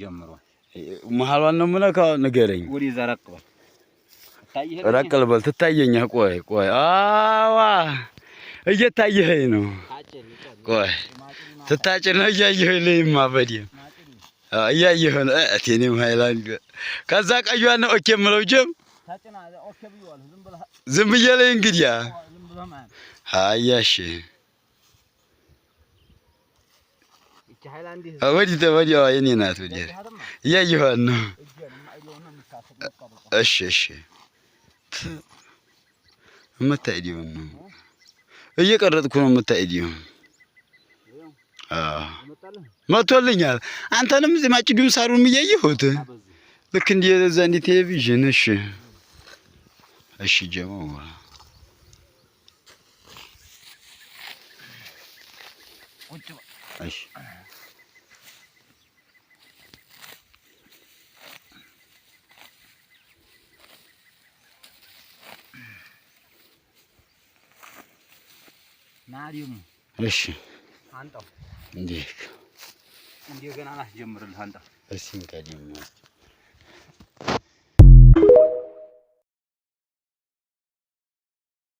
ጀምሯል። መሀሏን ነው የምነካው። ንገረኝ። ወደዛ ራቅ በል ራቅ ልበል። ትታየኛለህ። ቆይ ቆይ፣ አዋ እየታየኸኝ ነው። ቆይ ትታጭ ነው እያየኸኝ ልይማ በደምብ እያየኸው ነው። እቴኔም ሀይላንድ ከዛ ቀዩዋ ነው ኦኬ የምለው ጀም ዝም ብዬ ላይ እንግዲያ ሀያሽ ወዲህ ወዲያ የኔ ናት ወዲያ እያየኋት ነው። እሺ እሺ የምታይዲው ነው እየቀረጥኩ ነው የምታይዲው። አዎ መቶልኛል። አንተንም እዚህ ማጭዱን ሳሩን እያየሁት ልክ እንደ እዛ እንደ ቴሌቪዥን። እሺ እሺ ጀመው ቁጭ ايش ناريوم ايش هانتو ديك انديو كان انا اجمر الهانتو ايش انت اجمر